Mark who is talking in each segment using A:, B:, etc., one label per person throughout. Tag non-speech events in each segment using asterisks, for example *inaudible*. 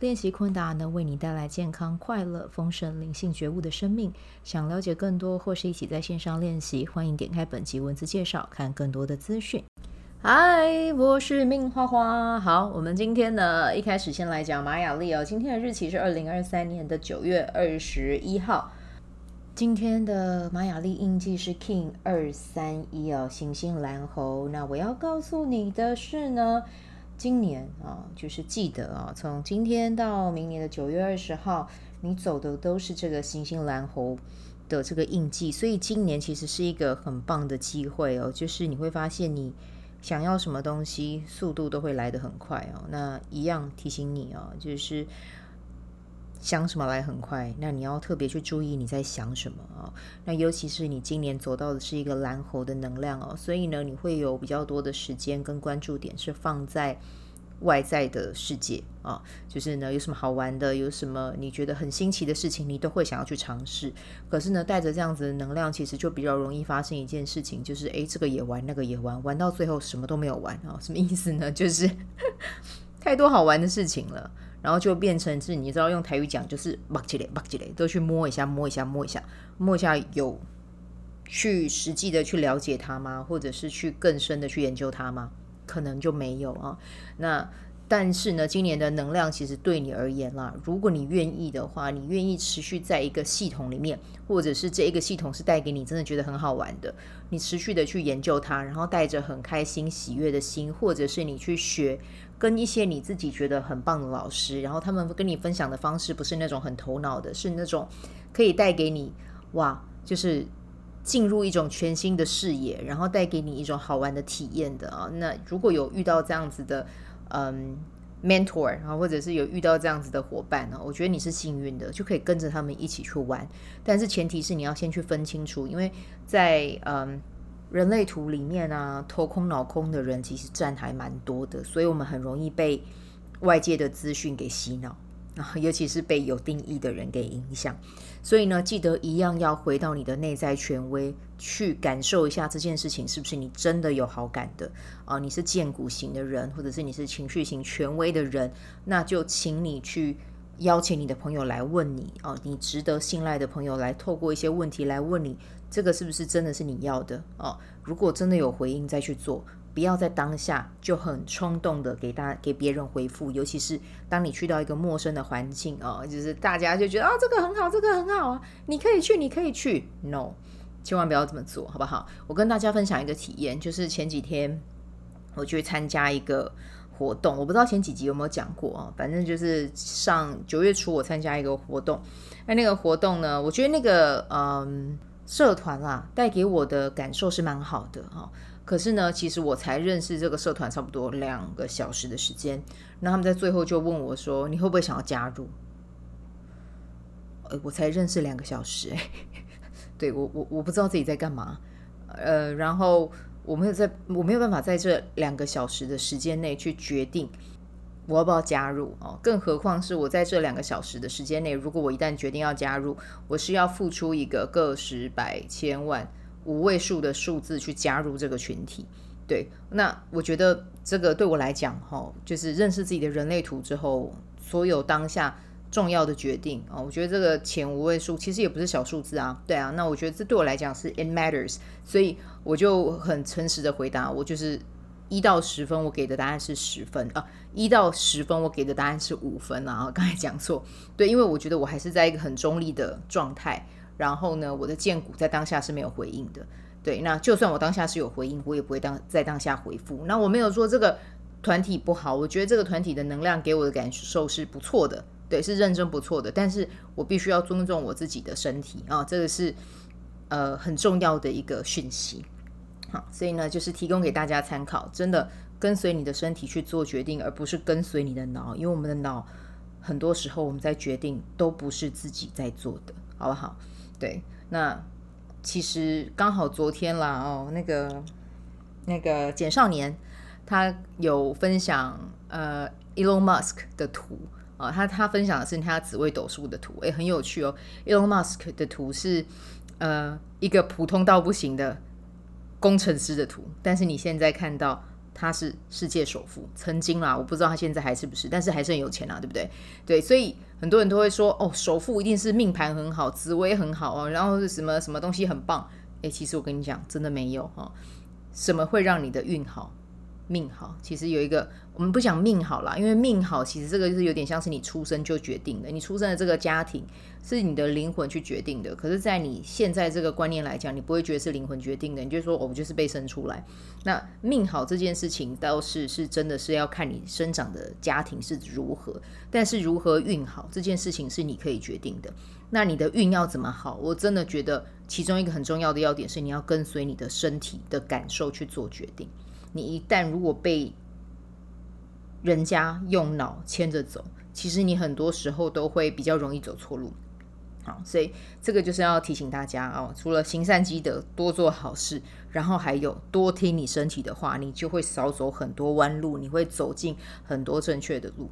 A: 練習昆達能為你帶來健康、快樂、豐盛、靈性覺悟的生命。想了解更多，或是一起在線上練習，歡迎點開本集文字介紹，看更多的資訊。嗨，我是 Min 花花。好，我們今天呢，一開始先來講馬雅曆。哦。今天的日期是二零二三年的九月二十一號。今天的馬雅曆印記是 Kin 二三一哦，行星藍猴。那我要告訴你的是呢。今年啊，就是記得啊，從今天到明年的九月二十號，你走的都是這個行星藍猴的這個印記，所以今年其實是一個很棒的機會哦。就是你會發現，你想要什麼東西，速度都會來得很快哦。那一樣提醒你哦，就是。想什麼來很快？那你要特別去注意你在想什麼啊、哦？那尤其是你今年走到的是一個藍猴的能量哦，所以呢，你會有比較多的時間跟關注點是放在外在的世界啊、哦，就是呢，有什麼好玩的，有什麼你覺得很新奇的事情，你都會想要去嘗試。可是呢，帶着這樣子的能量，其實就比較容易發生一件事情，就是誒，這個也玩，那個也玩，玩到最後什麼都沒有玩啊、哦？什麼意思呢？就是 *laughs* 太多好玩的事情了。然後就變成是，你知道用台語講就是“巴嘰嘞，巴嘰嘞”，都去摸一下，摸一下，摸一下，摸一下，有去實際的去了解它嗎？或者是去更深的去研究它嗎？可能就沒有啊、哦。那。但是呢，今年的能量其實對你而言啦，如果你願意的話，你願意持續在一個系統裡面，或者是這一個系統是帶給你真的覺得很好玩的，你持續的去研究它，然後帶着很開心喜悅的心，或者是你去學跟一些你自己覺得很棒的老師，然後他們跟你分享的方式不是那種很頭腦的，是那種可以帶給你哇，就是進入一種全新的視野，然後帶給你一種好玩的體驗的啊。那如果有遇到這樣子的，嗯、um，mentor 啊，或者是有遇到這樣子的夥伴呢，我覺得你是幸運的，就可以跟着他們一起去玩。但是前提是你要先去分清楚，因為在嗯、um，人類圖裡面啊，頭空腦空的人其實佔還蠻多的，所以我們很容易被外界的資訊給洗腦。啊，尤其是被有定義的人給影響，所以呢，記得一樣要回到你的內在權威去感受一下這件事情是不是你真的有好感的啊？你是薦骨型的人，或者是你是情緒型權威的人，那就請你去邀請你的朋友來問你哦、啊，你值得信賴的朋友來透過一些問題來問你，這個是不是真的是你要的哦、啊？如果真的有回應，再去做。不要在當下就很衝動的給大給別人回覆，尤其是當你去到一個陌生的環境哦，就是大家就覺得啊這個很好，這個很好啊，你可以去，你可以去，no，千萬不要這麼做好不好？我跟大家分享一個體驗，就是前幾天我去參加一個活動，我不知道前幾集有沒有講過啊，反正就是上九月初我參加一個活動，那那個活動呢，我覺得那個嗯社團啊帶給我的感受是蠻好的哈。哦可是呢，其實我才認識這個社團差不多兩個小時的時間，那他們在最後就問我說：“你會不會想要加入？”我才認識兩個小時，欸，哎，對，我我我不知道自己在幹嘛，呃，然後我沒有在，我沒有辦法在這兩個小時的時間內去決定我要不要加入哦，更何況是我在這兩個小時的時間內，如果我一旦決定要加入，我是要付出一個個十百千萬。五位數的數字去加入這個群體，對，那我覺得這個對我來講，哈，就是認識自己的人類圖之後，所有當下重要的決定啊，我覺得這個前五位數其實也不是小數字啊，對啊，那我覺得這對我來講是 it matters，所以我就很誠實的回答，我就是一到十分，我給的答案是十分啊，一到十分，我給的答案是五分啊，剛才講錯，對，因為我覺得我還是在一個很中立的狀態。然後呢，我的薦骨在當下是沒有回應的。對，那就算我當下是有回應，我也不會當在當下回復。那我沒有說這個團體不好，我覺得這個團體的能量給我的感受是不錯的，對，是認真不錯的。但是我必須要尊重我自己的身體啊、哦，這個是呃很重要的一個訊息。好，所以呢，就是提供給大家參考，真的跟隨你的身體去做決定，而不是跟隨你的腦，因為我們的腦很多時候我們在決定都不是自己在做的，好不好？對，那其實剛好昨天啦哦，那個那個簡少年他有分享呃，Elon Musk 的圖啊、哦，他他分享的是他紫微斗數的圖，誒、欸，很有趣哦。Elon Musk 的圖是呃一個普通到不行的工程師的圖，但是你現在看到。他是世界首富，曾經啦，我不知道他現在還是不是，但是還是很有錢啊，對不對？對，所以很多人都會說，哦，首富一定是命盤很好，紫微很好哦，然後是什麼什麼東西很棒。誒，其實我跟你講，真的沒有哈，什麼會讓你的運好？命好，其實有一個，我們不講命好啦，因為命好，其實這個就是有點像是你出生就決定的，你出生的這個家庭是你的靈魂去決定的。可是，在你現在這個觀念來講，你不會覺得是靈魂決定的，你就說，我們就是被生出來。那命好這件事情倒是是真的是要看你生長的家庭是如何，但是如何運好這件事情是你可以決定的。那你的運要怎麼好，我真的覺得其中一個很重要的要點是，你要跟隨你的身體的感受去做決定。你一旦如果被人家用腦牽着走，其實你很多時候都會比較容易走錯路，好，所以這個就是要提醒大家哦，除了行善積德、多做好事，然後還有多聽你身體的話，你就會少走很多彎路，你會走進很多正確的路。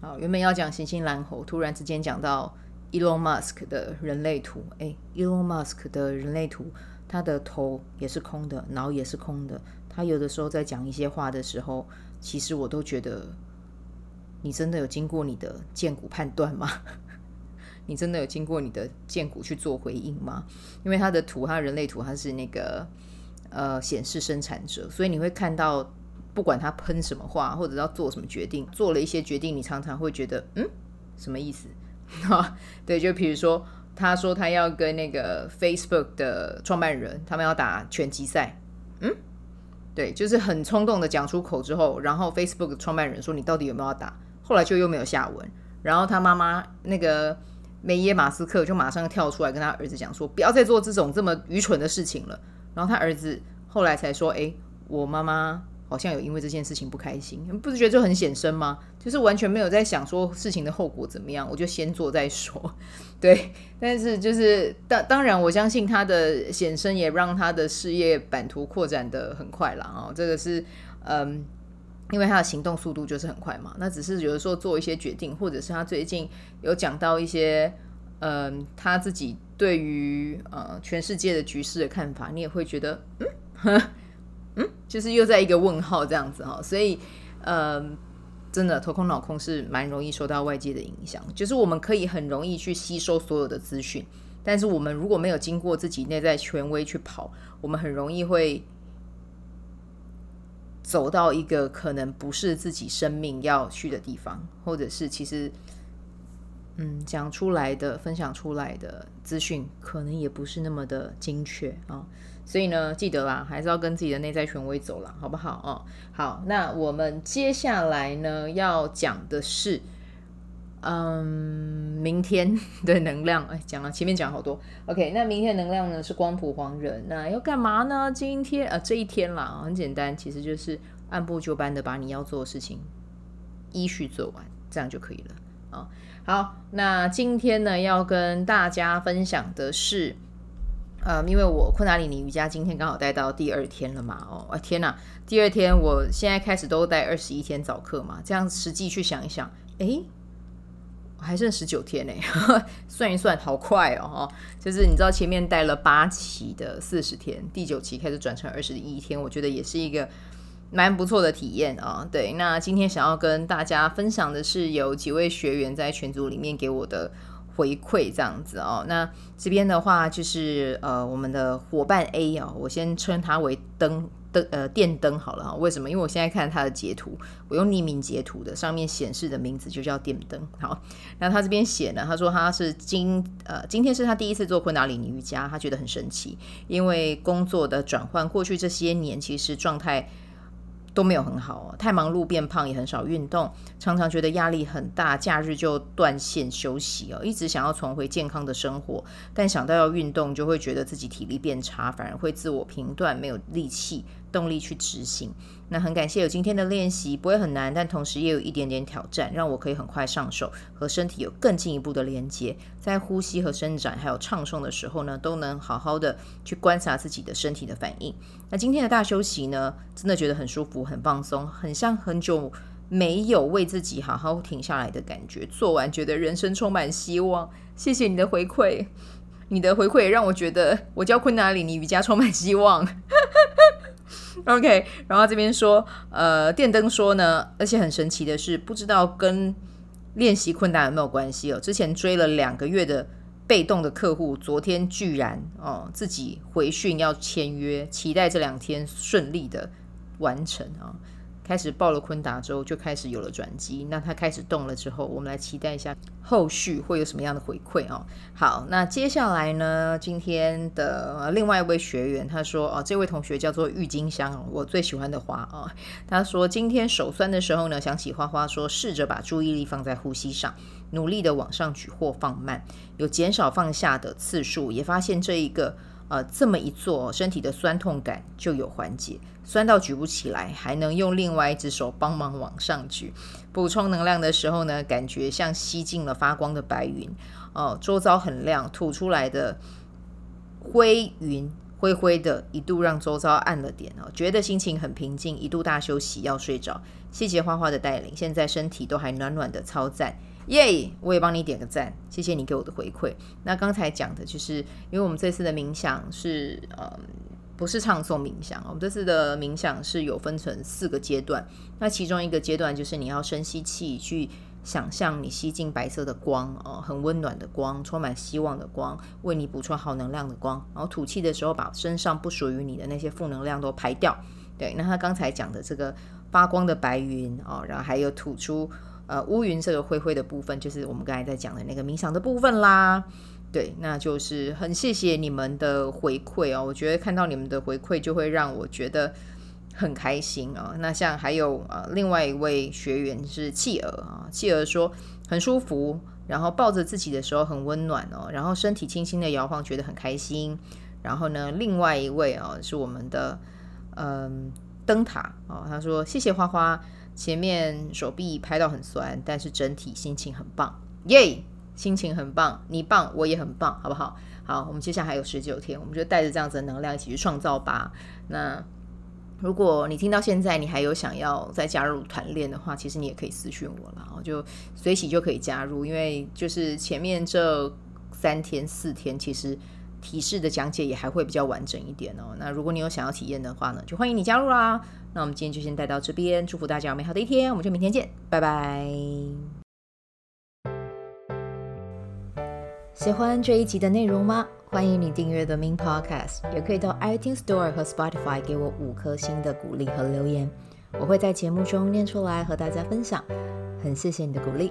A: 好，原本要講行星藍猴，突然之間講到 Elon Musk 的人類圖，誒，Elon Musk 的人類圖，他的頭也是空的，腦也是空的。他有的時候在講一些話的時候，其實我都覺得，你真的有經過你的薦骨判斷嗎？ *laughs* 你真的有經過你的薦骨去做回應嗎？因為他的圖，他人類圖，他是那個呃顯示生產者，所以你會看到，不管他噴什麼話，或者要做什麼決定，做了一些決定，你常常會覺得，嗯，什麼意思？ *laughs* 對，就比如說，他說他要跟那個 Facebook 的創辦人，他們要打拳擊賽，嗯。對，就是很衝動的講出口之後，然後 Facebook 創辦人說，你到底有沒有打？後來就又沒有下文。然後他媽媽那個梅耶馬斯克就馬上跳出來跟他兒子講說，不要再做這種這麼愚蠢的事情了。然後他兒子後來才說，哎，我媽媽。好像有因為這件事情不開心。你不是覺得就很顯身嗎？就是完全沒有在想說事情的後果怎麼樣，我就先做再說。對，但是就是當當然，我相信他的顯身也讓他的事業版圖擴展得很快了啊、哦。這個是嗯，因為他的行動速度就是很快嘛。那只是有的時候做一些決定，或者是他最近有講到一些嗯他自己對於呃全世界的局勢的看法，你也會覺得嗯。 *laughs* 就是又在一個問號這樣子哈，所以，嗯，真的頭空腦空是蠻容易受到外界的影響。就是我們可以很容易去吸收所有的資訊，但是我們如果沒有經過自己內在權威去跑，我們很容易會走到一個可能不是自己生命要去的地方，或者是其實。嗯，講出來的、分享出來的資訊可能也不是那麼的精確啊、哦，所以呢，記得啦，還是要跟自己的內在權威走啦，好不好？哦，好，那我們接下來呢要講的是，嗯，明天的能量，哎，講了前面講好多，OK，那明天能量呢是光譜黃人，那要幹嘛呢？今天啊、呃，這一天啦，很簡單，其實就是按部就班的把你要做的事情依序做完，這樣就可以了。啊，好，那今天呢要跟大家分享的是，呃、嗯，因為我昆達里尼瑜伽今天剛好帶到第二天了嘛，哦，天啊天吶，第二天我現在開始都帶二十一天早課嘛，這樣實際去想一想，哎、欸，還剩十九天呢。算一算好快哦，哦，就是你知道前面帶了八期的四十天，第九期開始轉成二十一天，我覺得也是一個。蠻不錯的體驗啊、哦，對，那今天想要跟大家分享的是有幾位學員在群組裡面給我的回饋，這樣子哦。那這邊的話就是呃，我們的夥伴 A 哦，我先稱它為燈燈呃電燈好了、哦，為什麼？因為我現在看他的截圖，我用匿名截圖的，上面顯示的名字就叫電燈。好，那他這邊寫了，他說他是今呃今天是他第一次做昆達里尼瑜伽，他覺得很神奇，因為工作的轉換，過去這些年其實狀態。都沒有很好哦，太忙碌變胖，也很少運動，常常覺得壓力很大，假日就斷線休息哦，一直想要重回健康的生活，但想到要運動，就會覺得自己體力變差，反而會自我評斷，沒有力氣。動力去執行，那很感謝有今天的練習，不會很難，但同時也有一點點挑戰，讓我可以很快上手和身體有更進一步的連接，在呼吸和伸展還有唱誦的時候呢，都能好好的去觀察自己的身體的反應。那今天的大休息呢，真的覺得很舒服、很放鬆，很像很久沒有為自己好好停下來的感覺。做完覺得人生充滿希望，謝謝你的回饋，你的回饋讓我覺得我教昆達里尼瑜伽充滿希望。 *laughs* OK，然後這邊說，呃，電燈說呢，而且很神奇的是，不知道跟練習困難有沒有關係哦。之前追了兩個月的被動的客戶，昨天居然哦自己回訊要簽約，期待這兩天順利的完成啊，哦。開始爆了昆達之後，就開始有了轉機。那它開始動了之後，我們來期待一下後續會有什麼樣的回饋哦。好，那接下來呢，今天的另外一位學員他說哦，這位同學叫做鬱金香，我最喜歡的花哦，他說今天手酸的時候呢，想起花花說，試着把注意力放在呼吸上，努力的往上舉或放慢，有減少放下的次數，也發現這一個。呃，這麼一做，哦，身體的酸痛感就有緩解，酸到舉不起來，還能用另外一隻手幫忙往上舉。補充能量的時候呢，感覺像吸進了發光的白雲，哦，周遭很亮；吐出來的灰雲灰灰的，一度讓周遭暗了點哦，覺得心情很平靜，一度大休息要睡着。謝謝花花的帶領，現在身體都還暖暖的，超讚。耶、yeah！我也幫你點個讚，謝謝你給我的回饋。那剛才講的就是，因為我們這次的冥想是呃，不是唱誦冥想，我們這次的冥想是有分成四個階段。那其中一個階段就是你要深吸氣，去想象你吸進白色的光哦、呃，很溫暖的光，充滿希望的光，為你補充好能量的光。然後吐氣的時候，把身上不屬於你的那些負能量都排掉。對，那他剛才講的這個發光的白雲哦、呃，然後還有吐出。呃，烏雲這個灰灰的部分，就是我們剛才在講的那個冥想的部分啦。對，那就是很謝謝你們的回饋哦。我覺得看到你們的回饋，就會讓我覺得很開心啊、哦。那像還有呃，另外一位學員是契兒啊，契兒說很舒服，然後抱着自己的時候很溫暖哦，然後身體輕輕的搖晃，覺得很開心。然後呢，另外一位哦，是我們的嗯、呃、燈塔哦，他說謝謝花花。前面手臂拍到很酸，但是整體心情很棒，耶、yeah！心情很棒，你棒，我也很棒，好不好？好，我們接下來還有十九天，我們就帶着這樣子的能量一起去創造吧。那如果你聽到現在，你還有想要再加入團練的話，其實你也可以私訊我了，我就隨時就可以加入，因為就是前面這三天四天，其實。提示的講解也還會比較完整一點哦。那如果你有想要體驗的話呢，就歡迎你加入啦。那我們今天就先帶到這邊，祝福大家有美好的一天，我們就明天見，拜拜。喜歡這一集的內容嗎？歡迎你訂閱 The Min Podcast，也可以到 iTunes Store 和 Spotify 給我五顆星的鼓勵和留言，我會在節目中念出來和大家分享。很謝謝你的鼓勵。